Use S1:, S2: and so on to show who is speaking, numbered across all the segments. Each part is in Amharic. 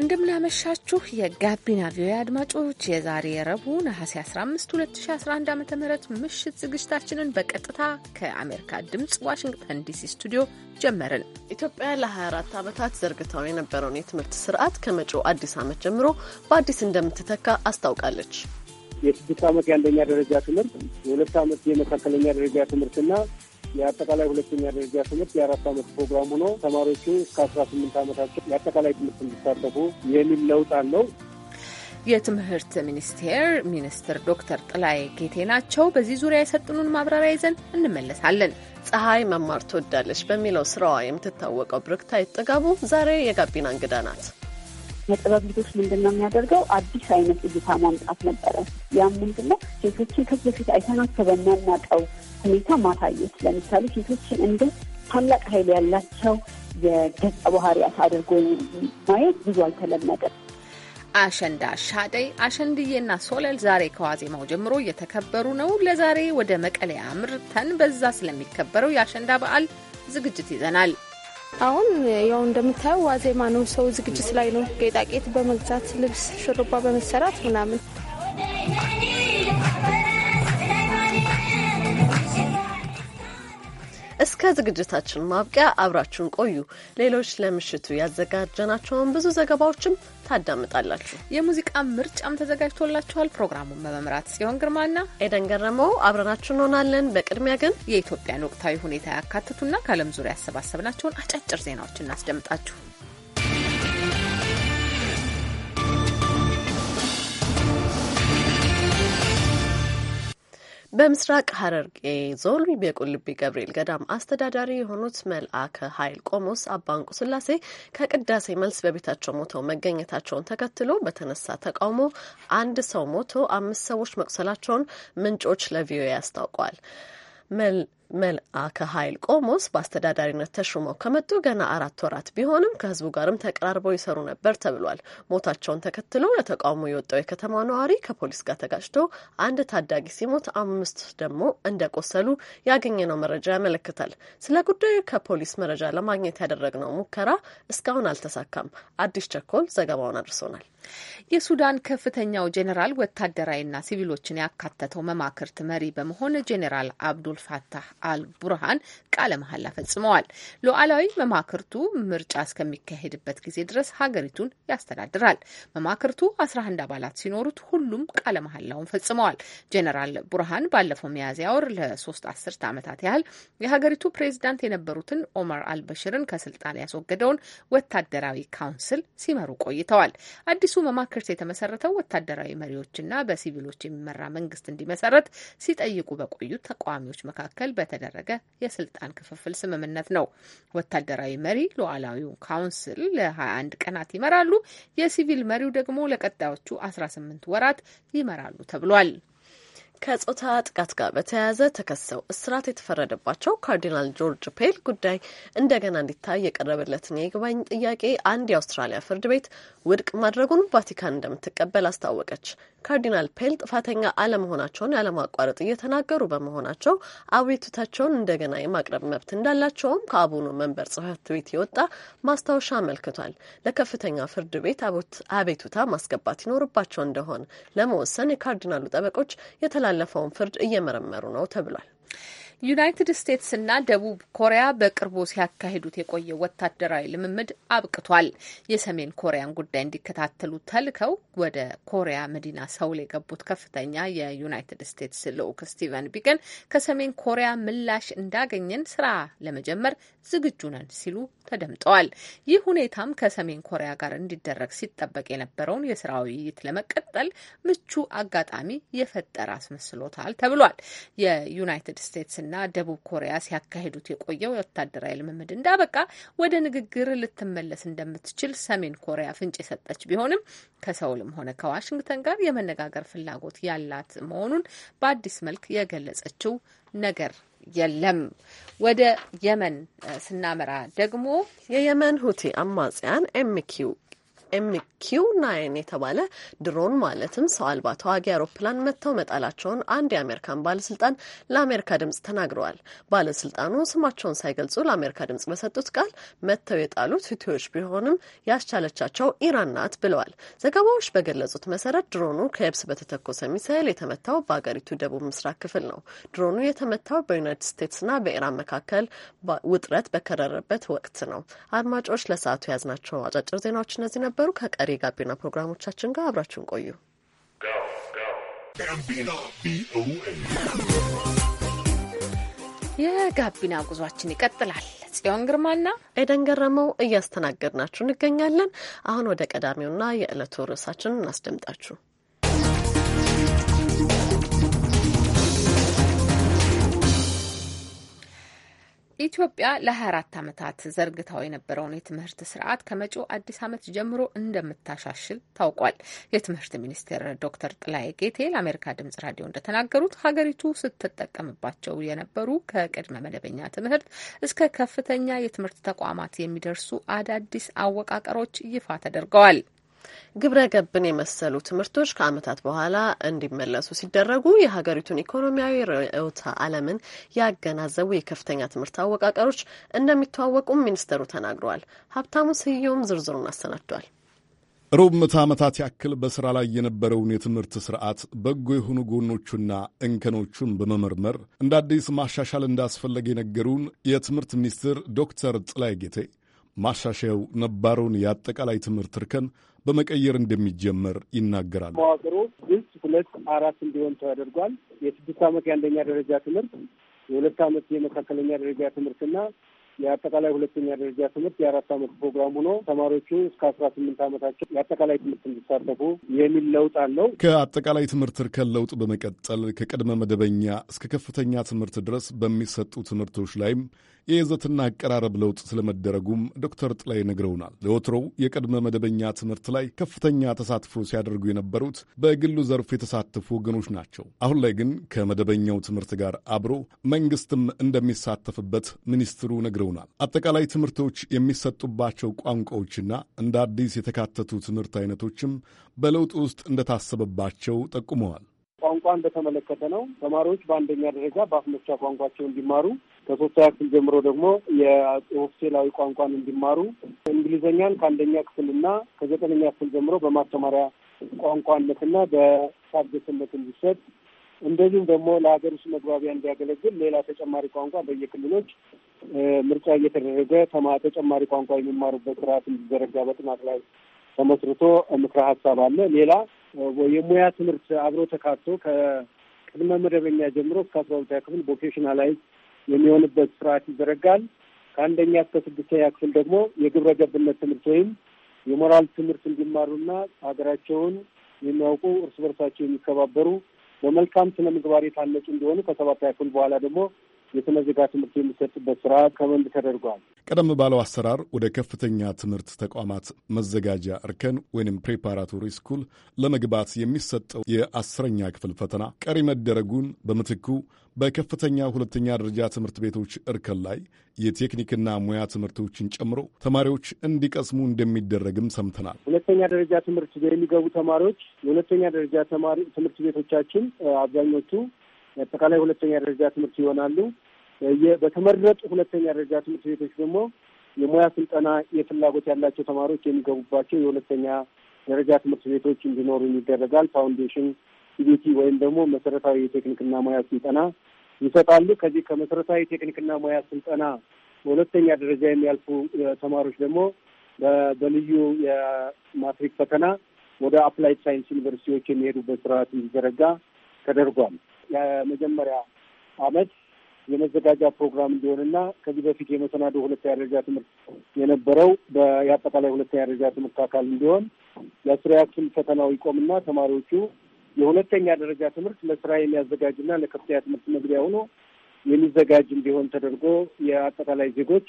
S1: እንደምናመሻችሁ የጋቢና ቪዮ አድማጮች የዛሬ የረቡ ነሐሴ 15 2011 ዓ ም ምሽት ዝግጅታችንን በቀጥታ ከአሜሪካ ድምፅ ዋሽንግተን ዲሲ ስቱዲዮ ጀመርን።
S2: ኢትዮጵያ ለ24 ዓመታት ዘርግታው የነበረውን የትምህርት ስርዓት ከመጪው አዲስ ዓመት ጀምሮ በአዲስ እንደምትተካ አስታውቃለች።
S3: የስድስት ዓመት የአንደኛ ደረጃ ትምህርት፣ የሁለት ዓመት የመካከለኛ ደረጃ ትምህርትና የአጠቃላይ ሁለተኛ ደረጃ ትምህርት የአራት ዓመት ፕሮግራም ሆኖ ተማሪዎቹ እስከ አስራ ስምንት ዓመታቸው የአጠቃላይ ትምህርት እንዲሳተፉ የሚል ለውጥ አለው።
S1: የትምህርት ሚኒስቴር ሚኒስትር ዶክተር ጥላይ ጌቴ ናቸው። በዚህ ዙሪያ የሰጡንን ማብራሪያ ይዘን እንመለሳለን። ፀሐይ መማር ትወዳለች
S2: በሚለው ስራዋ የምትታወቀው ብርክታይት ጥጋቡ ዛሬ የጋቢና እንግዳ ናት።
S4: የጥበብ ልጆች ምንድን ነው የሚያደርገው አዲስ አይነት እይታ ማምጣት ነበረ። ያም ምንድን ነው ሴቶችን ከዚህ በፊት አይተናቸው በማናውቀው ሁኔታ ማሳየት። ለምሳሌ ሴቶችን እንደ ታላቅ ኃይል ያላቸው የገጸ ባህሪያት አድርጎ ማየት ብዙ አልተለመደም።
S1: አሸንዳ ሻደይ አሸንድዬና ሶለል ዛሬ ከዋዜማው ጀምሮ እየተከበሩ ነው። ለዛሬ ወደ መቀለያ አምርተን በዛ ስለሚከበረው የአሸንዳ በዓል ዝግጅት ይዘናል። አሁን ያው እንደምታየው ዋዜማ ነው። ሰው ዝግጅት ላይ ነው። ጌጣጌጥ በመግዛት ልብስ፣ ሹሩባ በመሰራት ምናምን
S2: እስከ ዝግጅታችን ማብቂያ አብራችሁን ቆዩ። ሌሎች ለምሽቱ ያዘጋጀናቸውን ብዙ ዘገባዎችም ታዳምጣላችሁ።
S1: የሙዚቃ ምርጫም ተዘጋጅቶላችኋል። ፕሮግራሙን በመምራት ጽዮን ግርማና ኤደን ገረመው አብረናችሁ እንሆናለን። በቅድሚያ ግን የኢትዮጵያን ወቅታዊ ሁኔታ ያካትቱና ከዓለም ዙሪያ ያሰባሰብናቸውን አጫጭር ዜናዎች እናስደምጣችሁ።
S2: በምስራቅ ሐረርጌ ዞን የቁልቢ ገብርኤል ገዳም አስተዳዳሪ የሆኑት መልአከ ኃይል ቆሞስ አባንቁ ስላሴ ከቅዳሴ መልስ በቤታቸው ሞተው መገኘታቸውን ተከትሎ በተነሳ ተቃውሞ አንድ ሰው ሞቶ አምስት ሰዎች መቁሰላቸውን ምንጮች ለቪኦኤ አስታውቀዋል። መልአከ ኃይል ቆሞስ በአስተዳዳሪነት ተሹመው ከመጡ ገና አራት ወራት ቢሆንም ከህዝቡ ጋርም ተቀራርበው ይሰሩ ነበር ተብሏል። ሞታቸውን ተከትሎ ለተቃውሞ የወጣው የከተማ ነዋሪ ከፖሊስ ጋር ተጋጭቶ አንድ ታዳጊ ሲሞት አምስት ደግሞ እንደቆሰሉ ያገኘነው መረጃ ያመለክታል። ስለ ጉዳዩ ከፖሊስ መረጃ ለማግኘት ያደረግነው ሙከራ እስካሁን አልተሳካም። አዲስ ቸኮል ዘገባውን
S1: አድርሶናል። የሱዳን ከፍተኛው ጄኔራል ወታደራዊና ሲቪሎችን ያካተተው መማክርት መሪ በመሆን ጄኔራል አብዱል ፋታህ አል ቡርሃን ቃለ መሐላ ፈጽመዋል። ሉዓላዊ መማክርቱ ምርጫ እስከሚካሄድበት ጊዜ ድረስ ሀገሪቱን ያስተዳድራል። መማክርቱ 11 አባላት ሲኖሩት ሁሉም ቃለ መሐላውን ፈጽመዋል። ጄኔራል ቡርሃን ባለፈው ሚያዝያ ወር ለሶስት አስርት ዓመታት ያህል የሀገሪቱ ፕሬዚዳንት የነበሩትን ኦመር አልበሽርን ከስልጣን ያስወገደውን ወታደራዊ ካውንስል ሲመሩ ቆይተዋል። አዲሱ መማክርት የተመሰረተው ወታደራዊ መሪዎችና በሲቪሎች የሚመራ መንግስት እንዲመሰረት ሲጠይቁ በቆዩት ተቃዋሚዎች መካከል በ የተደረገ የስልጣን ክፍፍል ስምምነት ነው። ወታደራዊ መሪ ሉዓላዊውን ካውንስል ለ21 ቀናት ይመራሉ። የሲቪል መሪው ደግሞ ለቀጣዮቹ 18 ወራት ይመራሉ ተብሏል። ከጾታ
S2: ጥቃት ጋር በተያያዘ ተከሰው እስራት የተፈረደባቸው ካርዲናል ጆርጅ ፔል ጉዳይ እንደገና እንዲታይ የቀረበለትን የይግባኝ ጥያቄ አንድ የአውስትራሊያ ፍርድ ቤት ውድቅ ማድረጉን ቫቲካን እንደምትቀበል አስታወቀች። ካርዲናል ፔል ጥፋተኛ አለመሆናቸውን ያለማቋረጥ እየተናገሩ በመሆናቸው አቤቱታቸውን እንደገና የማቅረብ መብት እንዳላቸውም ከአቡኑ መንበር ጽህፈት ቤት የወጣ ማስታወሻ አመልክቷል። ለከፍተኛ ፍርድ ቤት አቤቱታ ማስገባት ይኖርባቸው እንደሆን ለመወሰን የካርዲናሉ ጠበቆች የተላ ያሳለፈውን
S1: ፍርድ እየመረመሩ ነው ተብሏል። ዩናይትድ ስቴትስና ደቡብ ኮሪያ በቅርቡ ሲያካሂዱት የቆየ ወታደራዊ ልምምድ አብቅቷል። የሰሜን ኮሪያን ጉዳይ እንዲከታተሉ ተልከው ወደ ኮሪያ መዲና ሰውል የገቡት ከፍተኛ የዩናይትድ ስቴትስ ልዑክ ስቲቨን ቢገን ከሰሜን ኮሪያ ምላሽ እንዳገኘን ስራ ለመጀመር ዝግጁ ነን ሲሉ ተደምጠዋል። ይህ ሁኔታም ከሰሜን ኮሪያ ጋር እንዲደረግ ሲጠበቅ የነበረውን የስራ ውይይት ለመቀጠል ምቹ አጋጣሚ የፈጠረ አስመስሎታል ተብሏል። የዩናይትድ ስቴትስ እና ደቡብ ኮሪያ ሲያካሂዱት የቆየው የወታደራዊ ልምምድ እንዳበቃ ወደ ንግግር ልትመለስ እንደምትችል ሰሜን ኮሪያ ፍንጭ የሰጠች ቢሆንም ከሰውልም ሆነ ከዋሽንግተን ጋር የመነጋገር ፍላጎት ያላት መሆኑን በአዲስ መልክ የገለጸችው ነገር የለም። ወደ የመን ስናመራ ደግሞ የየመን ሁቲ አማጽያን ኤምኪው ኤምኪው
S2: ናይን የተባለ ድሮን ማለትም ሰው አልባ ተዋጊ አውሮፕላን መጥተው መጣላቸውን አንድ የአሜሪካን ባለስልጣን ለአሜሪካ ድምጽ ተናግረዋል። ባለስልጣኑ ስማቸውን ሳይገልጹ ለአሜሪካ ድምጽ በሰጡት ቃል መጥተው የጣሉት ሁቲዎች ቢሆንም ያስቻለቻቸው ኢራን ናት ብለዋል። ዘገባዎች በገለጹት መሰረት ድሮኑ ከየብስ በተተኮሰ ሚሳይል የተመታው በአገሪቱ ደቡብ ምስራቅ ክፍል ነው። ድሮኑ የተመታው በዩናይትድ ስቴትስና በኢራን መካከል ውጥረት በከረረበት ወቅት ነው። አድማጮች ለሰዓቱ የያዝናቸው አጫጭር ዜናዎች እነዚህ ነበሩ። ነበሩ። ከቀሪ የጋቢና
S1: ፕሮግራሞቻችን ጋር አብራችሁን ቆዩ። የጋቢና ጉዟችን ይቀጥላል። ጽዮን
S2: ግርማና ኤደን ገረመው እያስተናገድናችሁ እንገኛለን። አሁን ወደ ቀዳሚውና የዕለቱ ርዕሳችን እናስደምጣችሁ።
S1: ኢትዮጵያ ለ24 ዓመታት ዘርግታው የነበረውን የትምህርት ስርዓት ከመጪው አዲስ ዓመት ጀምሮ እንደምታሻሽል ታውቋል። የትምህርት ሚኒስቴር ዶክተር ጥላዬ ጌቴ ለአሜሪካ ድምጽ ራዲዮ እንደተናገሩት ሀገሪቱ ስትጠቀምባቸው የነበሩ ከቅድመ መደበኛ ትምህርት እስከ ከፍተኛ የትምህርት ተቋማት የሚደርሱ አዳዲስ አወቃቀሮች ይፋ ተደርገዋል።
S2: ግብረ ገብን የመሰሉ ትምህርቶች ከዓመታት በኋላ እንዲመለሱ ሲደረጉ የሀገሪቱን ኢኮኖሚያዊ ርዕዮተ ዓለምን ያገናዘቡ የከፍተኛ ትምህርት አወቃቀሮች እንደሚተዋወቁም ሚኒስተሩ ተናግረዋል። ሀብታሙ ስዩም ዝርዝሩን አሰናድቷል።
S5: ሩብ ምዕተ ዓመታት ያክል በሥራ ላይ የነበረውን የትምህርት ሥርዓት በጎ የሆኑ ጎኖቹና እንከኖቹን በመመርመር እንደ አዲስ ማሻሻል እንዳስፈለገ የነገሩን የትምህርት ሚኒስትር ዶክተር ጥላይ ጌቴ ማሻሻያው ነባረውን የአጠቃላይ ትምህርት እርከን በመቀየር እንደሚጀመር ይናገራል።
S3: መዋቅሩ ግልጽ ሁለት አራት እንዲሆን ተደርጓል። የስድስት ዓመት የአንደኛ ደረጃ ትምህርት፣ የሁለት ዓመት የመካከለኛ ደረጃ ትምህርትና የአጠቃላይ ሁለተኛ ደረጃ ትምህርት የአራት ዓመት ፕሮግራም ሆኖ ተማሪዎቹ እስከ አስራ ስምንት ዓመታቸው የአጠቃላይ ትምህርት እንዲሳተፉ የሚል ለውጥ አለው።
S5: ከአጠቃላይ ትምህርት እርከን ለውጥ በመቀጠል ከቅድመ መደበኛ እስከ ከፍተኛ ትምህርት ድረስ በሚሰጡ ትምህርቶች ላይም የይዘትና አቀራረብ ለውጥ ስለመደረጉም ዶክተር ጥላይ ነግረውናል። ለወትሮው የቅድመ መደበኛ ትምህርት ላይ ከፍተኛ ተሳትፎ ሲያደርጉ የነበሩት በግሉ ዘርፍ የተሳተፉ ወገኖች ናቸው። አሁን ላይ ግን ከመደበኛው ትምህርት ጋር አብሮ መንግስትም እንደሚሳተፍበት ሚኒስትሩ ነግረውናል። አጠቃላይ ትምህርቶች የሚሰጡባቸው ቋንቋዎችና እንደ አዲስ የተካተቱ ትምህርት አይነቶችም በለውጥ ውስጥ እንደታሰበባቸው ጠቁመዋል።
S3: ቋንቋ እንደተመለከተ ነው። ተማሪዎች በአንደኛ ደረጃ በአፍ መፍቻ ቋንቋቸው እንዲማሩ ከሶስተኛ ክፍል ጀምሮ ደግሞ የኦፊሴላዊ ቋንቋን እንዲማሩ እንግሊዘኛን ከአንደኛ ክፍልና ከዘጠነኛ ክፍል ጀምሮ በማስተማሪያ ቋንቋነትና በሳብጀትነት እንዲሰጥ እንደዚሁም ደግሞ ለሀገር ውስጥ መግባቢያ እንዲያገለግል ሌላ ተጨማሪ ቋንቋ በየክልሎች ምርጫ እየተደረገ ተጨማሪ ቋንቋ የሚማሩበት ስርዓት እንዲዘረጋ በጥናት ላይ ተመስርቶ ምክረ ሀሳብ አለ። ሌላ የሙያ ትምህርት አብሮ ተካቶ ከቅድመ መደበኛ ጀምሮ እስከ አስራ ሁለተኛ ክፍል ቮኬሽናላይዝ የሚሆንበት ስርዓት ይዘረጋል። ከአንደኛ እስከ ስድስተኛ ክፍል ደግሞ የግብረ ገብነት ትምህርት ወይም የሞራል ትምህርት እንዲማሩና ሀገራቸውን የሚያውቁ እርስ በርሳቸው የሚከባበሩ በመልካም ስነ ምግባር የታነጹ እንዲሆኑ ከሰባት ክፍል በኋላ ደግሞ የተመዘጋ ትምህርት የሚሰጥበት ስራ ከወንድ ተደርጓል።
S5: ቀደም ባለው አሰራር ወደ ከፍተኛ ትምህርት ተቋማት መዘጋጃ እርከን ወይም ፕሬፓራቶሪ ስኩል ለመግባት የሚሰጠው የአስረኛ ክፍል ፈተና ቀሪ መደረጉን በምትኩ በከፍተኛ ሁለተኛ ደረጃ ትምህርት ቤቶች እርከን ላይ የቴክኒክና ሙያ ትምህርቶችን ጨምሮ ተማሪዎች እንዲቀስሙ እንደሚደረግም ሰምተናል።
S3: ሁለተኛ ደረጃ ትምህርት የሚገቡ ተማሪዎች የሁለተኛ ደረጃ ተማሪ ትምህርት ቤቶቻችን አብዛኞቹ አጠቃላይ ሁለተኛ ደረጃ ትምህርት ይሆናሉ። በተመረጡ ሁለተኛ ደረጃ ትምህርት ቤቶች ደግሞ የሙያ ስልጠና የፍላጎት ያላቸው ተማሪዎች የሚገቡባቸው የሁለተኛ ደረጃ ትምህርት ቤቶች እንዲኖሩ ይደረጋል። ፋውንዴሽን ሲቢቲ ወይም ደግሞ መሰረታዊ የቴክኒክና ሙያ ስልጠና ይሰጣሉ። ከዚህ ከመሰረታዊ ቴክኒክና ሙያ ስልጠና በሁለተኛ ደረጃ የሚያልፉ ተማሪዎች ደግሞ በልዩ የማትሪክ ፈተና ወደ አፕላይድ ሳይንስ ዩኒቨርሲቲዎች የሚሄዱበት ስርዓት እንዲዘረጋ ተደርጓል። የመጀመሪያ አመት የመዘጋጃ ፕሮግራም እንዲሆንና ከዚህ በፊት የመሰናዶ ሁለተኛ ደረጃ ትምህርት የነበረው የአጠቃላይ ሁለተኛ ደረጃ ትምህርት አካል እንዲሆን የአስረኛ ክፍል ፈተናው ይቆምና ተማሪዎቹ የሁለተኛ ደረጃ ትምህርት ለስራ የሚያዘጋጅና ለከፍተኛ ትምህርት መግቢያ ሆኖ የሚዘጋጅ እንዲሆን ተደርጎ የአጠቃላይ ዜጎች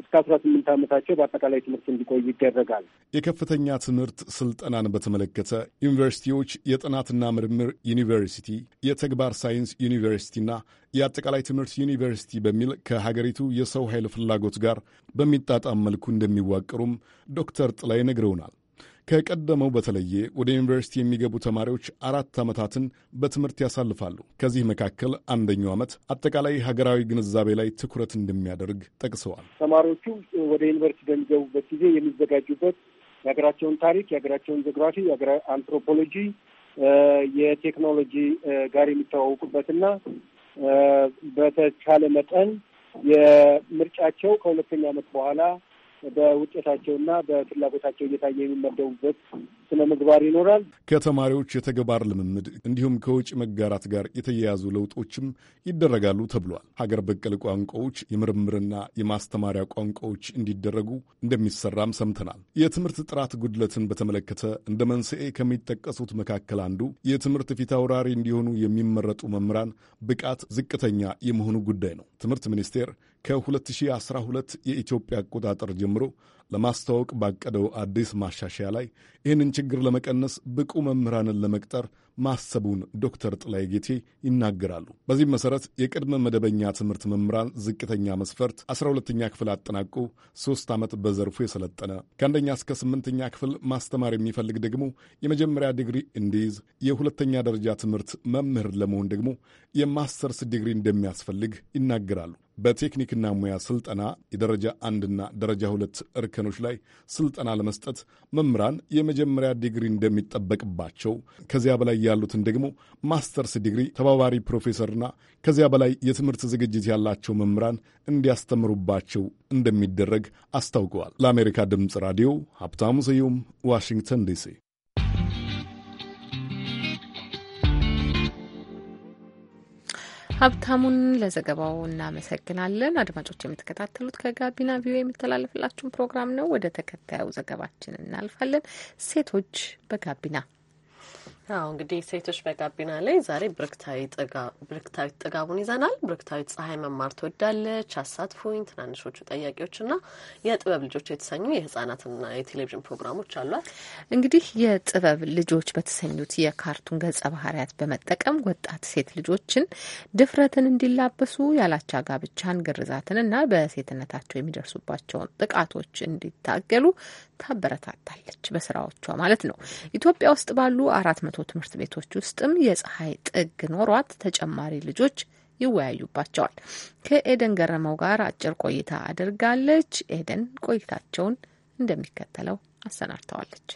S3: እስከ አስራ ስምንት ዓመታቸው በአጠቃላይ ትምህርት እንዲቆይ ይደረጋል።
S5: የከፍተኛ ትምህርት ስልጠናን በተመለከተ ዩኒቨርሲቲዎች የጥናትና ምርምር ዩኒቨርሲቲ፣ የተግባር ሳይንስ ዩኒቨርሲቲና የአጠቃላይ ትምህርት ዩኒቨርሲቲ በሚል ከሀገሪቱ የሰው ኃይል ፍላጎት ጋር በሚጣጣም መልኩ እንደሚዋቀሩም ዶክተር ጥላይ ነግረውናል። ከቀደመው በተለየ ወደ ዩኒቨርሲቲ የሚገቡ ተማሪዎች አራት ዓመታትን በትምህርት ያሳልፋሉ። ከዚህ መካከል አንደኛው ዓመት አጠቃላይ ሀገራዊ ግንዛቤ ላይ ትኩረት እንደሚያደርግ ጠቅሰዋል።
S3: ተማሪዎቹ ወደ ዩኒቨርሲቲ በሚገቡበት ጊዜ የሚዘጋጁበት የሀገራቸውን ታሪክ፣ የሀገራቸውን ጂኦግራፊ፣ አንትሮፖሎጂ፣ የቴክኖሎጂ ጋር የሚተዋወቁበትና በተቻለ መጠን የምርጫቸው ከሁለተኛ ዓመት በኋላ በውጤታቸውና በፍላጎታቸው እየታየ የሚመደቡበት ስነ
S5: ምግባር ይኖራል። ከተማሪዎች የተግባር ልምምድ እንዲሁም ከውጭ መጋራት ጋር የተያያዙ ለውጦችም ይደረጋሉ ተብሏል። ሀገር በቀል ቋንቋዎች የምርምርና የማስተማሪያ ቋንቋዎች እንዲደረጉ እንደሚሰራም ሰምተናል። የትምህርት ጥራት ጉድለትን በተመለከተ እንደ መንስኤ ከሚጠቀሱት መካከል አንዱ የትምህርት ፊት አውራሪ እንዲሆኑ የሚመረጡ መምህራን ብቃት ዝቅተኛ የመሆኑ ጉዳይ ነው። ትምህርት ሚኒስቴር ከ2012 የኢትዮጵያ አቆጣጠር ጀምሮ ለማስተዋወቅ ባቀደው አዲስ ማሻሻያ ላይ ይህንን ችግር ለመቀነስ ብቁ መምህራንን ለመቅጠር ማሰቡን ዶክተር ጥላይ ጌቴ ይናገራሉ። በዚህም መሠረት የቅድመ መደበኛ ትምህርት መምህራን ዝቅተኛ መስፈርት 12ኛ ክፍል አጠናቆ ሦስት ዓመት በዘርፉ የሰለጠነ ከአንደኛ እስከ ስምንተኛ ክፍል ማስተማር የሚፈልግ ደግሞ የመጀመሪያ ዲግሪ እንዲይዝ፣ የሁለተኛ ደረጃ ትምህርት መምህር ለመሆን ደግሞ የማስተርስ ዲግሪ እንደሚያስፈልግ ይናገራሉ። በቴክኒክና ሙያ ስልጠና የደረጃ አንድና ደረጃ ሁለት እርከኖች ላይ ስልጠና ለመስጠት መምህራን የመጀመሪያ ዲግሪ እንደሚጠበቅባቸው ከዚያ በላይ ያሉትን ደግሞ ማስተርስ ዲግሪ፣ ተባባሪ ፕሮፌሰርና ከዚያ በላይ የትምህርት ዝግጅት ያላቸው መምህራን እንዲያስተምሩባቸው እንደሚደረግ አስታውቀዋል። ለአሜሪካ ድምፅ ራዲዮ ሀብታሙ ስዩም ዋሽንግተን ዲሲ
S1: ሀብታሙን ለዘገባው እናመሰግናለን። አድማጮች የምትከታተሉት ከጋቢና ቪዮ የሚተላለፍላችሁን ፕሮግራም ነው። ወደ ተከታዩ ዘገባችን እናልፋለን። ሴቶች በጋቢና
S2: አሁ እንግዲህ ሴቶች በጋቢና ላይ ዛሬ ብርክታዊት ጥጋቡን ይዘናል። ብርክታዊት ፀሐይ መማር ትወዳለች፣ አሳትፎኝ፣ ትናንሾቹ ና የጥበብ ልጆች የተሰኙ የህጻናትና የቴሌቪዥን ፕሮግራሞች አሏት።
S1: እንግዲህ የጥበብ ልጆች በተሰኙት የካርቱን ገጸ ባህሪያት በመጠቀም ወጣት ሴት ልጆችን ድፍረትን እንዲላበሱ ያላቻ ጋብቻን፣ ግርዛትንና በሴትነታቸው የሚደርሱባቸውን ጥቃቶች እንዲታገሉ ታበረታታለች በስራዎቿ ማለት ነው። ኢትዮጵያ ውስጥ ባሉ አራት መቶ ትምህርት ቤቶች ውስጥም የፀሐይ ጥግ ኖሯት ተጨማሪ ልጆች ይወያዩባቸዋል። ከኤደን ገረመው ጋር አጭር ቆይታ አድርጋለች። ኤደን ቆይታቸውን እንደሚከተለው አሰናድተዋለች።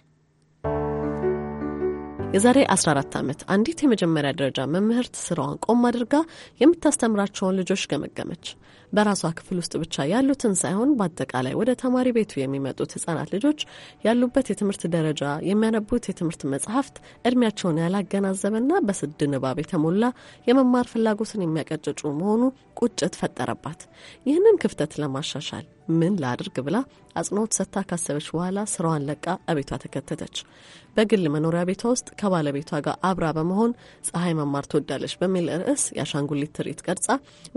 S2: የዛሬ 14 ዓመት አንዲት የመጀመሪያ ደረጃ መምህርት ስራዋን ቆም አድርጋ የምታስተምራቸውን ልጆች ገመገመች። በራሷ ክፍል ውስጥ ብቻ ያሉትን ሳይሆን በአጠቃላይ ወደ ተማሪ ቤቱ የሚመጡት ህጻናት ልጆች ያሉበት የትምህርት ደረጃ፣ የሚያነቡት የትምህርት መጽሐፍት እድሜያቸውን ያላገናዘበና በስድ ንባብ የተሞላ የመማር ፍላጎትን የሚያቀጭጩ መሆኑ ቁጭት ፈጠረባት። ይህንን ክፍተት ለማሻሻል ምን ላድርግ ብላ አጽንኦት ሰጥታ ካሰበች በኋላ ስራዋን ለቃ አቤቷ ተከተተች። በግል መኖሪያ ቤቷ ውስጥ ከባለቤቷ ጋር አብራ በመሆን ፀሐይ መማር ትወዳለች በሚል ርዕስ የአሻንጉሊት ትርኢት ቀርጻ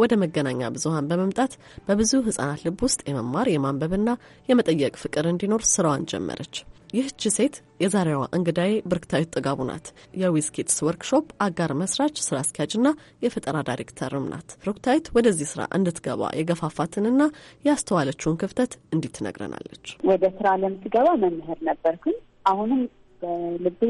S2: ወደ መገናኛ ብዙሀን በመ በመምጣት በብዙ ህጻናት ልብ ውስጥ የመማር የማንበብና የመጠየቅ ፍቅር እንዲኖር ስራዋን ጀመረች። ይህች ሴት የዛሬዋ እንግዳዬ ብርክታዊት ጥጋቡ ናት። የዊዝኪድስ ወርክሾፕ አጋር መስራች፣ ስራ አስኪያጅና የፈጠራ ዳይሬክተርም ናት። ብርክታዊት ወደዚህ ስራ እንድትገባ የገፋፋትንና ያስተዋለችውን ክፍተት እንዲህ
S4: ወደ ስራ ለምትገባ መምህር ነበርኩኝ። አሁንም በልቤ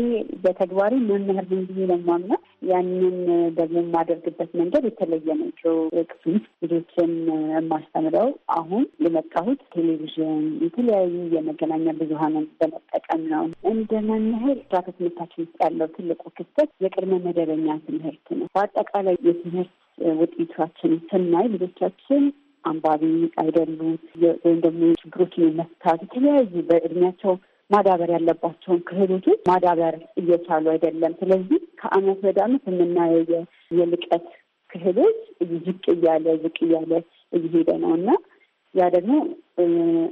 S4: በተግባሪ መምህር ነኝ ብዬ ነው የማምነው። ያንን ደግሞ የማደርግበት መንገድ የተለየ ናቸው። ክፍል ውስጥ ልጆችን የማስተምረው አሁን የመጣሁት ቴሌቪዥን፣ የተለያዩ የመገናኛ ብዙሀንን በመጠቀም ነው። እንደ መምህር ስርዓተ ትምህርታችን ውስጥ ያለው ትልቁ ክፍተት የቅድመ መደበኛ ትምህርት ነው። በአጠቃላይ የትምህርት ውጤቷችን ስናይ ልጆቻችን አንባቢ አይደሉም፣ ወይም ደግሞ ችግሮችን የመፍታት የተለያዩ በእድሜያቸው ማዳበር ያለባቸውን ክህሎቶች ማዳበር እየቻሉ አይደለም። ስለዚህ ከአመት ወደ አመት የምናየው የልቀት ክህሎች ዝቅ እያለ ዝቅ እያለ እየሄደ ነው እና ያ ደግሞ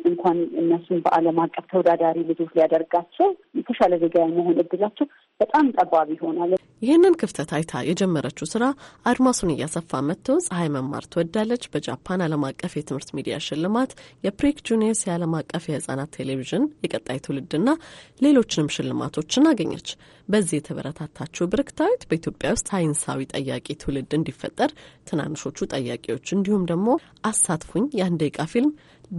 S4: እንኳን እነሱን በዓለም አቀፍ ተወዳዳሪ ልጆች ሊያደርጋቸው የተሻለ ዜጋ የመሆን እድላቸው በጣም ጠባብ ይሆናል።
S2: ይህንን ክፍተት አይታ የጀመረችው ስራ አድማሱን እያሰፋ መጥቶ ፀሐይ መማር ትወዳለች በጃፓን ዓለም አቀፍ የትምህርት ሚዲያ ሽልማት የፕሬክ ጁኒየርስ የዓለም አቀፍ የህጻናት ቴሌቪዥን የቀጣይ ትውልድና ሌሎችንም ሽልማቶችን አገኘች። በዚህ የተበረታታችው ብርክታዊት በኢትዮጵያ ውስጥ ሳይንሳዊ ጠያቂ ትውልድ እንዲፈጠር ትናንሾቹ ጠያቂዎች እንዲሁም ደግሞ አሳትፉኝ የአንድ ደቂቃ ፊልም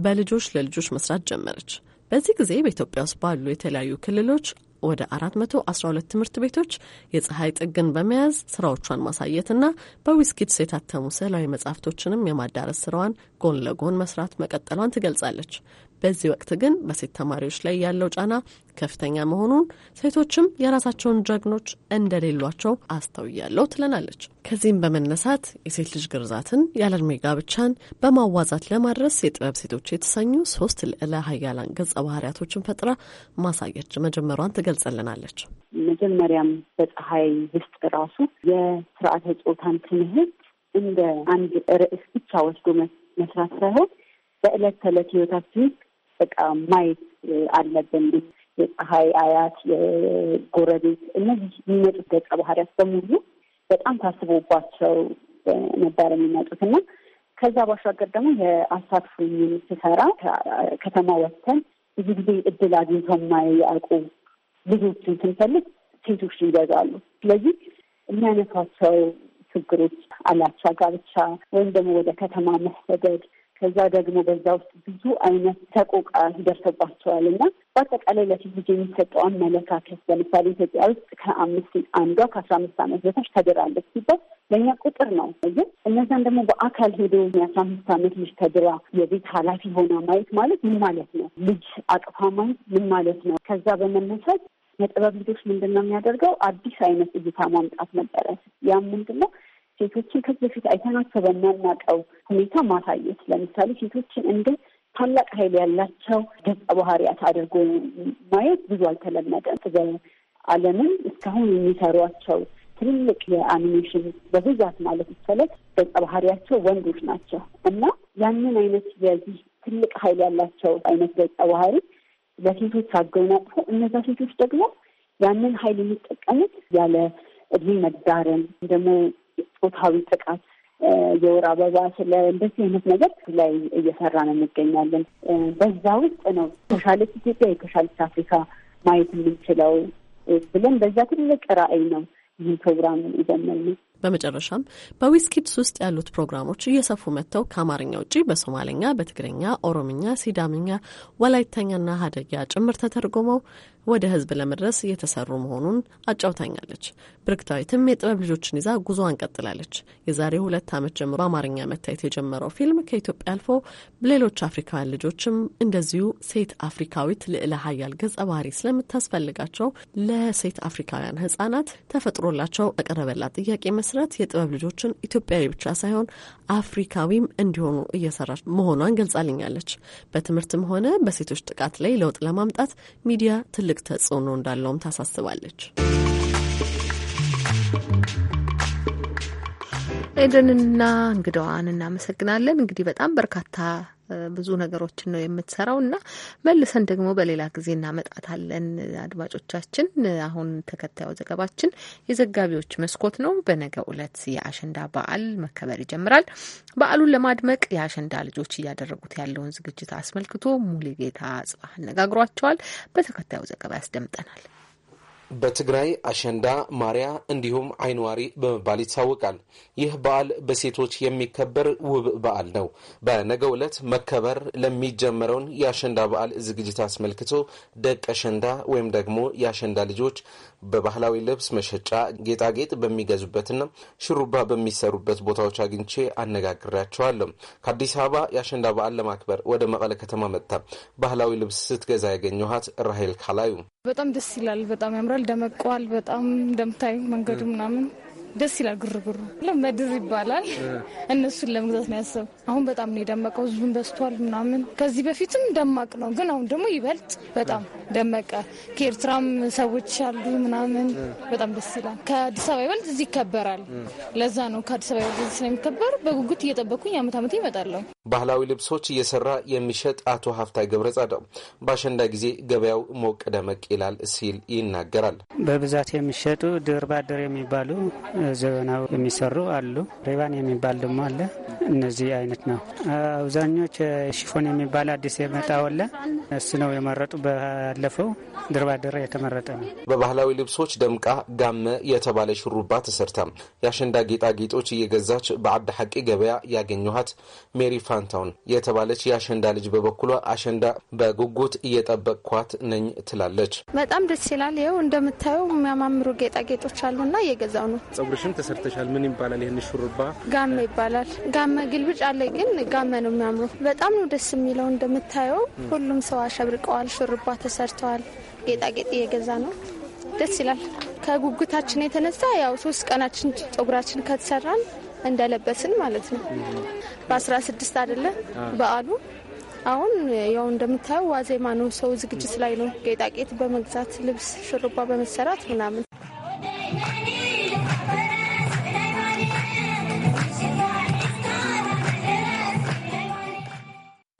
S2: በልጆች ለልጆች መስራት ጀመረች። በዚህ ጊዜ በኢትዮጵያ ውስጥ ባሉ የተለያዩ ክልሎች ወደ 412 ትምህርት ቤቶች የፀሐይ ጥግን በመያዝ ስራዎቿን ማሳየትና በዊስኪድስ የታተሙ ስዕላዊ መጽሐፍቶችንም የማዳረስ ስራዋን ጎን ለጎን መስራት መቀጠሏን ትገልጻለች። በዚህ ወቅት ግን በሴት ተማሪዎች ላይ ያለው ጫና ከፍተኛ መሆኑን ሴቶችም የራሳቸውን ጀግኖች እንደሌሏቸው አስተውያለሁ ትለናለች። ከዚህም በመነሳት የሴት ልጅ ግርዛትን፣ ያለዕድሜ ጋብቻን በማዋዛት ለማድረስ የጥበብ ሴቶች የተሰኙ ሶስት ልዕለ ሀያላን ገጸ ባህሪያቶችን ፈጥራ ማሳየት መጀመሯን ትገልጸልናለች።
S4: መጀመሪያም በፀሐይ ውስጥ ራሱ የስርዓተ ጾታን ትምህርት እንደ አንድ ርዕስ ብቻ ወስዶ መስራት ሳይሆን በዕለት ተዕለት ህይወታችን ውስጥ በቃ ማየት አለብን። የፀሐይ አያት፣ የጎረቤት እነዚህ የሚመጡት ገጸ ባህሪያት በሙሉ በጣም ታስቦባቸው ነበር የሚመጡት እና ከዛ ባሻገር ደግሞ የአሳትፎ ስሰራ ከተማ ወጥተን ብዙ ጊዜ እድል አግኝተው የማያውቁ ልጆችን ስንፈልግ ሴቶች ይበዛሉ። ስለዚህ የሚያነሷቸው ችግሮች አላቻ ጋብቻ ወይም ደግሞ ወደ ከተማ መሰደድ ከዛ ደግሞ በዛ ውስጥ ብዙ አይነት ተቆቃ ይደርሰባቸዋል እና በአጠቃላይ ለሴት ልጅ የሚሰጠው አመለካከት ለምሳሌ ኢትዮጵያ ውስጥ ከአምስት አንዷ ከአስራ አምስት ዓመት በታች ተድራለች ሲባል ለእኛ ቁጥር ነው። ግን እነዛን ደግሞ በአካል ሄዶ የአስራ አምስት ዓመት ልጅ ተድራ የቤት ኃላፊ ሆና ማየት ማለት ምን ማለት ነው? ልጅ አቅፋ ማየት ምን ማለት ነው? ከዛ በመነሳት የጥበብ ልጆች ምንድን ነው የሚያደርገው አዲስ አይነት እይታ ማምጣት ነበረ። ያም ምንድን ነው ሴቶችን ከዚህ በፊት አይተናቸው በማናውቀው ሁኔታ ማሳየት፣ ለምሳሌ ሴቶችን እንደ ታላቅ ኃይል ያላቸው ገጸ ባህሪያት አድርጎ ማየት ብዙ አልተለመደም። በዓለምን እስካሁን የሚሰሯቸው ትልልቅ የአኒሜሽን በብዛት ማለት ይቻላል ገጸ ባህሪያቸው ወንዶች ናቸው እና ያንን አይነት የዚህ ትልቅ ኃይል ያላቸው አይነት ገጸ ባህሪ ለሴቶች አጎናጽፎ እነዛ ሴቶች ደግሞ ያንን ኃይል የሚጠቀሙት ያለ እድሜ መዳረን ደግሞ ጾታዊ ጥቃት፣ የወር አበባ ስለ እንደዚህ አይነት ነገር ላይ እየሰራ ነው እንገኛለን። በዛ ውስጥ ነው ኮሻልት ኢትዮጵያ የተሻለች አፍሪካ ማየት የምንችለው ብለን በዛ ትልቅ ራዕይ ነው ይህን ፕሮግራም ይዘመል። በመጨረሻም በዊስኪድስ
S2: ውስጥ ያሉት ፕሮግራሞች እየሰፉ መጥተው ከአማርኛ ውጪ በሶማሌኛ፣ በትግረኛ፣ ኦሮምኛ፣ ሲዳምኛ፣ ወላይተኛና ሀደያ ጭምር ተተርጉመው ወደ ህዝብ ለመድረስ እየተሰሩ መሆኑን አጫውታኛለች። ብርክታዊትም የጥበብ ልጆችን ይዛ ጉዞዋን ቀጥላለች። የዛሬ ሁለት ዓመት ጀምሮ በአማርኛ መታየት የጀመረው ፊልም ከኢትዮጵያ አልፎ ሌሎች አፍሪካውያን ልጆችም እንደዚሁ ሴት አፍሪካዊት ልዕለ ሀያል ገጸ ባህሪ ስለምታስፈልጋቸው ለሴት አፍሪካውያን ህጻናት ተፈጥሮላቸው ያቀረበላት ጥያቄ መሰረት የጥበብ ልጆችን ኢትዮጵያዊ ብቻ ሳይሆን አፍሪካዊም እንዲሆኑ እየሰራች መሆኗን ገልጻልኛለች። በትምህርትም ሆነ በሴቶች ጥቃት ላይ ለውጥ ለማምጣት ሚዲያ ትልቅ ትልቅ ተጽዕኖ እንዳለውም ታሳስባለች።
S1: ኤደንና እንግዳዋን እናመሰግናለን። እንግዲህ በጣም በርካታ ብዙ ነገሮችን ነው የምትሰራው እና መልሰን ደግሞ በሌላ ጊዜ እናመጣታለን። አድማጮቻችን፣ አሁን ተከታዩ ዘገባችን የዘጋቢዎች መስኮት ነው። በነገ ዕለት የአሸንዳ በዓል መከበር ይጀምራል። በዓሉን ለማድመቅ የአሸንዳ ልጆች እያደረጉት ያለውን ዝግጅት አስመልክቶ ሙሉጌታ ጽባህ አነጋግሯቸዋል። በተከታዩ ዘገባ ያስደምጠናል።
S6: በትግራይ አሸንዳ፣ ማሪያ እንዲሁም አይንዋሪ በመባል ይታወቃል። ይህ በዓል በሴቶች የሚከበር ውብ በዓል ነው። በነገው ዕለት መከበር ለሚጀመረውን የአሸንዳ በዓል ዝግጅት አስመልክቶ ደቀ አሸንዳ ወይም ደግሞ የአሸንዳ ልጆች በባህላዊ ልብስ መሸጫ ጌጣጌጥ በሚገዙበትና ሽሩባ በሚሰሩበት ቦታዎች አግኝቼ አነጋግሬያቸዋለሁ። ከአዲስ አበባ የአሸንዳ በዓል ለማክበር ወደ መቀለ ከተማ መጥታ ባህላዊ ልብስ ስትገዛ ያገኘኋት ራሄል ካላዩ
S1: በጣም ደስ ይላል። በጣም ያምራል። ተቀይሯል፣ ደመቀዋል። በጣም እንደምታዩ መንገዱ ምናምን ደስ ይላል። ግርግሩ ለመድር ይባላል። እነሱን ለመግዛት ነው ያሰብ። አሁን በጣም ነው የደመቀው፣ ህዝቡን በስቷል ምናምን። ከዚህ በፊትም ደማቅ ነው፣ ግን አሁን ደግሞ ይበልጥ በጣም ደመቀ። ከኤርትራም ሰዎች አሉ ምናምን፣ በጣም ደስ ይላል። ከአዲስ አበባ ይበልጥ እዚህ ይከበራል። ለዛ ነው ከአዲስ አበባ ይበልጥ ስለሚከበር በጉጉት እየጠበኩኝ አመት አመት ይመጣለሁ።
S6: ባህላዊ ልብሶች እየሰራ የሚሸጥ አቶ ሀፍታይ ገብረ ጻደው በአሸንዳ ጊዜ ገበያው ሞቅ ደመቅ ይላል ሲል ይናገራል።
S4: በብዛት የሚሸጡ ድር ባድር የሚባሉ ዘበናዊ የሚሰሩ አሉ። ሪባን የሚባል ደግሞ አለ። እነዚህ አይነት ነው። አብዛኞች ሽፎን የሚባል አዲስ የመጣ ወለ እሱ ነው የመረጡ። ባለፈው ድር ባድር የተመረጠ ነው።
S6: በባህላዊ ልብሶች ደምቃ ጋመ የተባለ ሹሩባ ተሰርታ የአሸንዳ ጌጣጌጦች እየገዛች በአብድ ሐቂ ገበያ ያገኘኋት ሜሪፋ ፋንታውን የተባለች የአሸንዳ ልጅ በበኩሏ አሸንዳ በጉጉት እየጠበቅኳት ነኝ ትላለች።
S1: በጣም ደስ ይላል። ይኸው እንደምታየው የሚያማምሩ ጌጣጌጦች አሉና እየገዛው ነው።
S6: ጸጉርሽም ተሰርተሻል። ምን ይባላል ይህን ሹሩባ?
S1: ጋመ ይባላል። ጋመ ግልብጭ አለ፣ ግን ጋመ ነው የሚያምሩ። በጣም ነው ደስ የሚለው። እንደምታየው ሁሉም ሰው አሸብርቀዋል፣ ሹሩባ ተሰርተዋል። ጌጣጌጥ እየገዛ ነው። ደስ ይላል። ከጉጉታችን የተነሳ ያው ሶስት ቀናችን ጸጉራችን ከተሰራን እንደለበስን ማለት ነው። በአስራ ስድስት አይደለ በዓሉ አሁን ያው እንደምታየው ዋዜማ ነው። ሰው ዝግጅት ላይ ነው። ጌጣጌጥ በመግዛት ልብስ፣ ሹሩባ በመሰራት ምናምን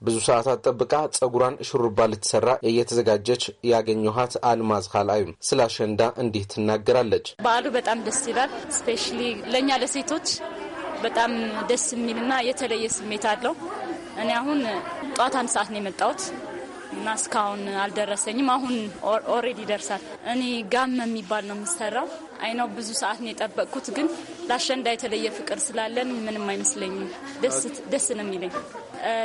S6: ብዙ ሰዓታት ጠብቃ ጸጉሯን ሹሩባ ልትሰራ እየተዘጋጀች ያገኘኋት አልማዝ ካልአዩም ስለ አሸንዳ እንዲህ ትናገራለች።
S4: በዓሉ በጣም ደስ ይላል። ስፔሻሊ ለእኛ ለሴቶች በጣም ደስ የሚልና የተለየ ስሜት አለው። እኔ አሁን ጠዋት አንድ ሰዓት ነው የመጣሁት። እና እስካሁን አልደረሰኝም። አሁን ኦሬዲ ይደርሳል። እኔ ጋም የሚባል ነው የምሰራው። አይነው ብዙ ሰዓት ነው የጠበቅኩት፣ ግን ለአሸንዳ የተለየ ፍቅር ስላለን ምንም አይመስለኝም። ደስ ነው የሚለኝ።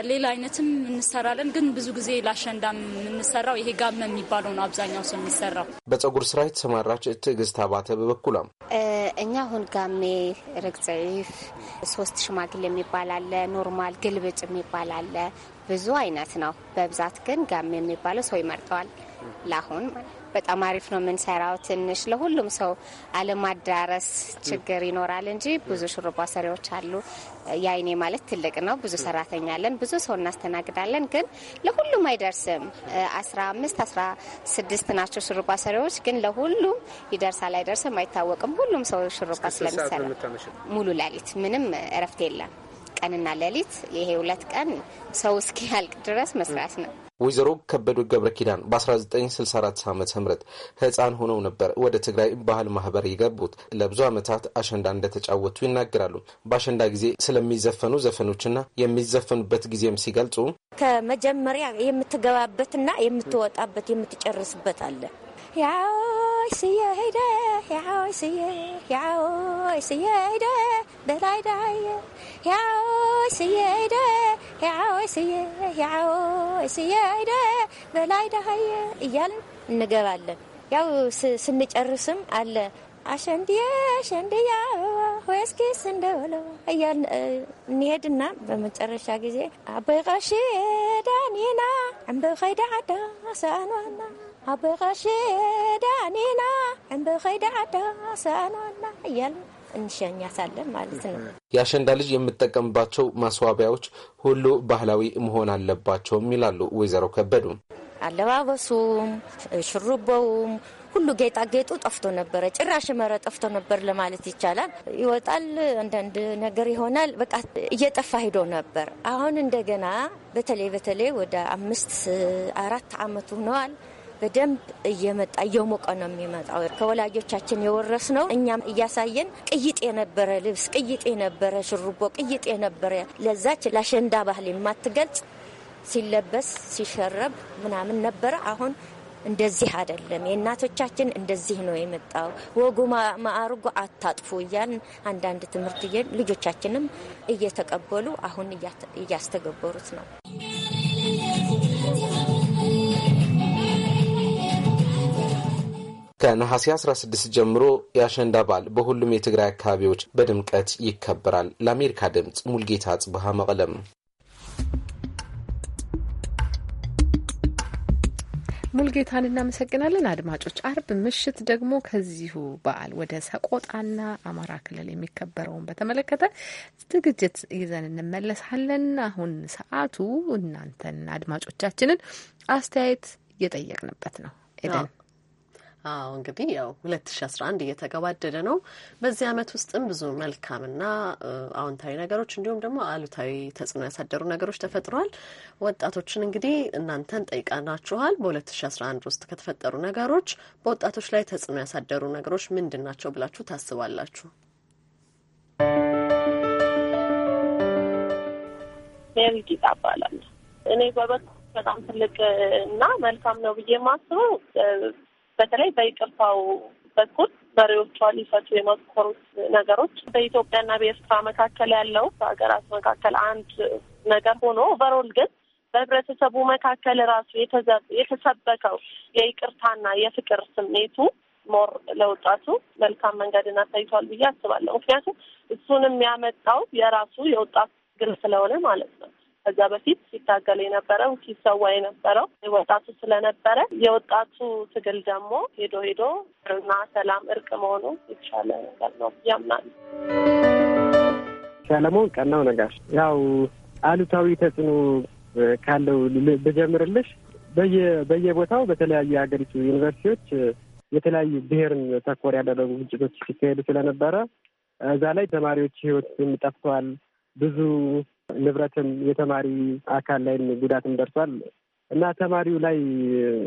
S4: ሌላ አይነትም እንሰራለን፣ ግን ብዙ ጊዜ ለአሸንዳ የምንሰራው ይሄ ጋም የሚባለው ነው አብዛኛው ሰው የሚሰራው።
S6: በጸጉር ስራ የተሰማራች ትዕግስት አባተ በበኩሏም
S4: እኛ አሁን ጋሜ ርግጽ
S7: ሶስት ሽማግሌ የሚባል አለ፣ ኖርማል ግልብጭ የሚባል አለ፣ ብዙ አይነት ነው። በብዛት ግን ጋሜ የሚባለው ሰው ይመርጠዋል። ለአሁን በጣም አሪፍ ነው የምንሰራው። ትንሽ ለሁሉም ሰው አለማዳረስ ችግር ይኖራል እንጂ ብዙ ሹሩባ ሰሪዎች አሉ። የአይኔ ማለት ትልቅ ነው። ብዙ ሰራተኛ አለን። ብዙ ሰው እናስተናግዳለን። ግን ለሁሉም አይደርስም። አስራ አምስት አስራ ስድስት ናቸው ሹሩባ ሰሪዎች። ግን ለሁሉም ይደርሳል አይደርስም አይታወቅም። ሁሉም ሰው ሹሩባ ስለሚሰራ ሙሉ ሌሊት ምንም እረፍት የለም። ቀንና ሌሊት ይሄ ሁለት ቀን ሰው እስኪያልቅ ድረስ መስራት ነው።
S6: ወይዘሮ ከበዱ ገብረ ኪዳን በ1964 ዓ ም ህፃን ሆነው ነበር ወደ ትግራይ ባህል ማህበር የገቡት። ለብዙ ዓመታት አሸንዳ እንደተጫወቱ ይናገራሉ። በአሸንዳ ጊዜ ስለሚዘፈኑ ዘፈኖችና የሚዘፈኑበት ጊዜም ሲገልጹ
S7: ከመጀመሪያ የምትገባበትና የምትወጣበት የምትጨርስበት አለ ስየ ሄደ ያው ስየ ሄደ በላይ ዳየ ያው በላይ ደሀየ እያልን እንገባለን። ያው ስንጨርስም አለ አሸንድዬ ሸንድያ ወስኪ ስንደውሎ እያል እንሄድና በመጨረሻ ጊዜ አበቃሽ ዳኒና እምብኸይዳ ዓዳ ሰኣንዋና አበቃሽ ዳኒና እምብኸይዳ ዓዳ ሰኣንዋና እያልን እንሸኛታለን ማለት ነው።
S6: የአሸንዳ ልጅ የምጠቀምባቸው ማስዋቢያዎች ሁሉ ባህላዊ መሆን አለባቸውም ይላሉ ወይዘሮ ከበዱ።
S7: አለባበሱም ሽሩበውም ሁሉ ጌጣጌጡ ጠፍቶ ነበረ። ጭራሽ መረ ጠፍቶ ነበር ለማለት ይቻላል። ይወጣል፣ አንዳንድ ነገር ይሆናል። በቃ እየጠፋ ሂዶ ነበር። አሁን እንደገና በተለይ በተለይ ወደ አምስት አራት ዓመት ሆነዋል። በደንብ እየመጣ እየሞቀ ነው የሚመጣው። ከወላጆቻችን የወረስ ነው እኛም እያሳየን ቅይጥ የነበረ ልብስ፣ ቅይጥ የነበረ ሽሩቦ፣ ቅይጥ የነበረ ለዛች ለአሸንዳ ባህል የማትገልጽ ሲለበስ ሲሸረብ ምናምን ነበረ አሁን እንደዚህ አይደለም። የእናቶቻችን እንደዚህ ነው የመጣው ወጉ ማዕርጉ አታጥፉ እያል አንዳንድ ትምህርት ልጆቻችንም እየተቀበሉ አሁን እያስተገበሩት ነው።
S6: ከነሐሴ 16 ጀምሮ የአሸንዳ በዓል በሁሉም የትግራይ አካባቢዎች በድምቀት ይከበራል። ለአሜሪካ ድምፅ ሙልጌታ ጽብሃ መቀለም።
S1: ሙልጌታን እናመሰግናለን። አድማጮች፣ አርብ ምሽት ደግሞ ከዚሁ በዓል ወደ ሰቆጣና አማራ ክልል የሚከበረውን በተመለከተ ዝግጅት ይዘን እንመለሳለን። አሁን ሰዓቱ እናንተን አድማጮቻችንን አስተያየት እየጠየቅንበት ነው። ኤደን
S2: አዎ እንግዲህ ያው ሁለት ሺ አስራ አንድ እየተገባደደ ነው። በዚህ አመት ውስጥም ብዙ መልካምና አዎንታዊ ነገሮች እንዲሁም ደግሞ አሉታዊ ተጽዕኖ ያሳደሩ ነገሮች ተፈጥሯል። ወጣቶችን እንግዲህ እናንተን ጠይቀናችኋል። በሁለት ሺ አስራ አንድ ውስጥ ከተፈጠሩ ነገሮች በወጣቶች ላይ ተጽዕኖ ያሳደሩ ነገሮች ምንድን ናቸው ብላችሁ ታስባላችሁ?
S4: ሜሪጌታ እኔ በበኩል በጣም ትልቅ እና መልካም ነው ብዬ የማስበው በተለይ በይቅርታው በኩል መሪዎቿ ሊፈቱ የመኮሩት ነገሮች በኢትዮጵያና በኤርትራ መካከል ያለው በሀገራት መካከል አንድ ነገር ሆኖ ኦቨሮል ግን በህብረተሰቡ መካከል ራሱ የተሰበከው የይቅርታና የፍቅር ስሜቱ ሞር ለወጣቱ መልካም መንገድን አሳይቷል ብዬ አስባለሁ። ምክንያቱም እሱንም ያመጣው የራሱ የወጣት ግል ስለሆነ ማለት ነው። ከዛ በፊት ሲታገል የነበረው ሲሰዋ የነበረው ወጣቱ ስለነበረ የወጣቱ ትግል ደግሞ ሄዶ ሄዶ እና ሰላም እርቅ መሆኑ የተሻለ ነገር ነው ያምናል። ሰለሞን
S3: ቀናው ነጋሽ። ያው አሉታዊ ተጽዕኖ ካለው ብጀምርልሽ በየቦታው በተለያዩ የሀገሪቱ ዩኒቨርሲቲዎች የተለያዩ ብሔርን ተኮር ያደረጉ ግጭቶች ሲካሄዱ ስለነበረ እዛ ላይ ተማሪዎች ሕይወት ጠፍተዋል። ብዙ ንብረትም የተማሪ አካል ላይም ጉዳትም ደርሷል እና ተማሪው ላይ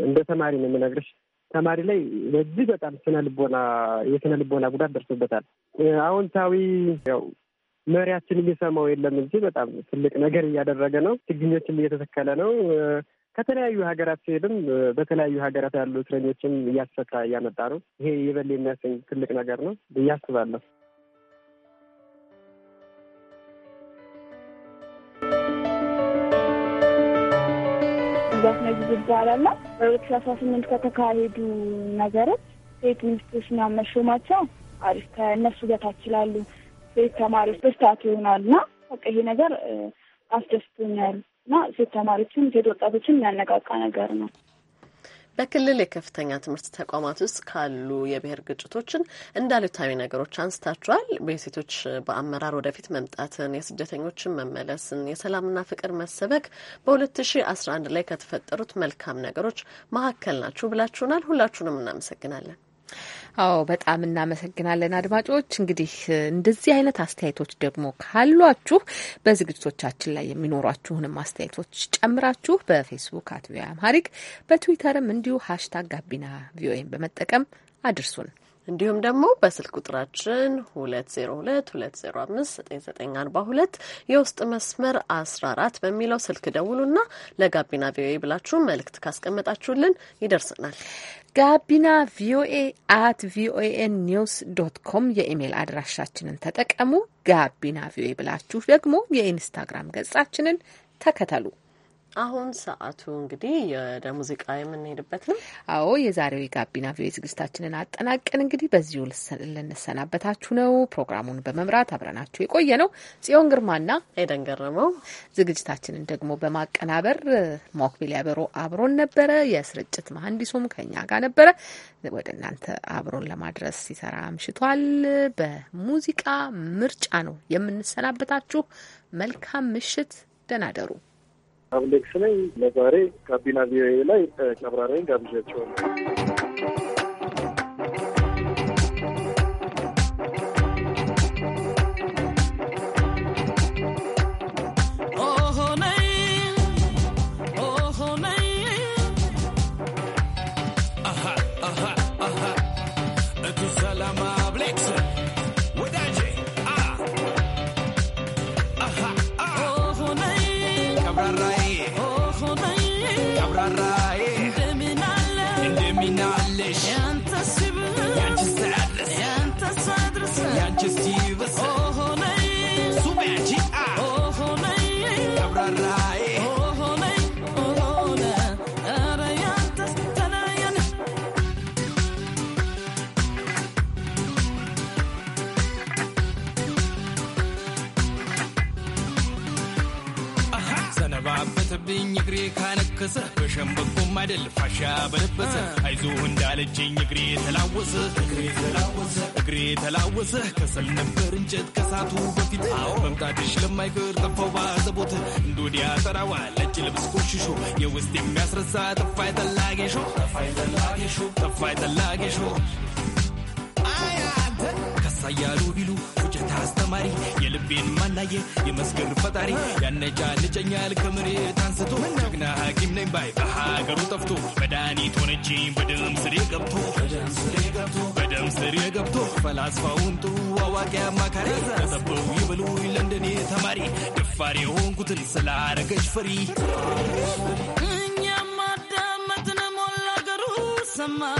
S3: እንደ ተማሪ ነው የምነግርሽ ተማሪ ላይ እጅግ በጣም ስነ ልቦና የስነ ልቦና ጉዳት ደርሶበታል። አዎንታዊ ያው መሪያችን እየሰማው የለም እንጂ በጣም ትልቅ ነገር እያደረገ ነው። ችግኞችም እየተተከለ ነው። ከተለያዩ ሀገራት ሲሄድም በተለያዩ ሀገራት ያሉ እስረኞችም እያስፈታ እያመጣ ነው። ይሄ የበል የሚያሰኝ ትልቅ ነገር ነው
S4: ብዬ አስባለሁ። ጉዳት ነጊዜ ይባላልና በሁለት ሺ አስራ ስምንት ከተካሄዱ ነገሮች ሴት ሚኒስትሮች ና መሾማቸው አሪፍ ከእነሱ በታች ላሉ ሴት ተማሪዎች በስታት ይሆናል ና በቃ ይሄ ነገር አስደስቶኛል እና ሴት ተማሪዎችን ሴት ወጣቶችን የሚያነቃቃ ነገር ነው።
S2: በክልል የከፍተኛ ትምህርት ተቋማት ውስጥ ካሉ የብሔር ግጭቶችን እንደ ነገሮች አንስታችኋል። በሴቶች በአመራር ወደፊት መምጣትን፣ የስደተኞችን መመለስን፣ የሰላምና ፍቅር መሰበክ በ2011 ላይ ከተፈጠሩት መልካም ነገሮች መካከል ናችሁ ብላችሁናል። ሁላችሁንም እናመሰግናለን።
S1: አዎ በጣም እናመሰግናለን አድማጮች። እንግዲህ እንደዚህ አይነት አስተያየቶች ደግሞ ካሏችሁ በዝግጅቶቻችን ላይ የሚኖሯችሁንም አስተያየቶች ጨምራችሁ በፌስቡክ አት ቪኦኤ አምሃሪክ በትዊተርም እንዲሁ ሀሽታግ ጋቢና ቪኦኤን በመጠቀም አድርሱን።
S2: እንዲሁም ደግሞ በስልክ ቁጥራችን 2022059942 የውስጥ መስመር 14 በሚለው ስልክ ደውሉና ለጋቢና ቪኦኤ ብላችሁ
S1: መልእክት ካስቀመጣችሁልን ይደርስናል። ጋቢና ቪኦኤ አት ቪኦኤ ኒውስ ዶት ኮም የኢሜይል አድራሻችንን ተጠቀሙ። ጋቢና ቪኦኤ ብላችሁ ደግሞ የኢንስታግራም ገጻችንን ተከተሉ። አሁን ሰዓቱ እንግዲህ ወደ ሙዚቃ የምንሄድበት ነው። አዎ የዛሬው የጋቢና ቪዮ ዝግጅታችንን አጠናቀን እንግዲህ በዚሁ ልንሰናበታችሁ ነው። ፕሮግራሙን በመምራት አብረናችሁ የቆየ ነው ጽዮን ግርማና ኤደን ገረመው። ዝግጅታችንን ደግሞ በማቀናበር ሞክቢል ያበሮ አብሮን ነበረ። የስርጭት መሀንዲሱም ከኛ ጋር ነበረ። ወደ እናንተ አብሮን ለማድረስ ሲሰራ አምሽቷል። በሙዚቃ ምርጫ ነው የምንሰናበታችሁ። መልካም ምሽት፣ ደህና ደሩ።
S3: አብሌክስ ነኝ። ለዛሬ ጋቢና ቪኦኤ ላይ ተቀብራራኝ ጋብዣቸዋል።
S5: እግሬ ካነከሰ በሸንበቆም አይደል ፋሻ በለበሰ አይዞ እንዳለችኝ እግሬ ተላወሰ እግሬ ተላወሰ ከሰል ነበር እንጨት ከሳቱ በፊት መምጣትሽ ለማይቀር ጠፋው ባዘቦት እንዶዲያ ጠራዋ ለጭ ልብስ ቆሽሾ የውስጥ
S6: የሚያስረሳ ጠፋይ ጠላጌሾ ጠፋይ ጠላጌሾ
S5: ከሳ ቢሉ አስተማሪ የልቤን ማናየ የመስገር ፈጣሪ ልጨኛል ከምሬት አንስቶ ጀግና ሐኪም ነኝ ባይ በሀገሩ ጠፍቶ መድኃኒት ሆነችኝ በደም ስሬ ገብቶ በደም
S3: ስሬ ገብቶ ፈላስፋውን ጥሩ አዋቂ አማካሪ ተጠበው ይበሉ ለንደኔ ተማሪ ደፋሪ የሆንኩትን ስላረገች ፈሪ እኛም
S7: አዳመጥን ሞላ ገሩ ሰማ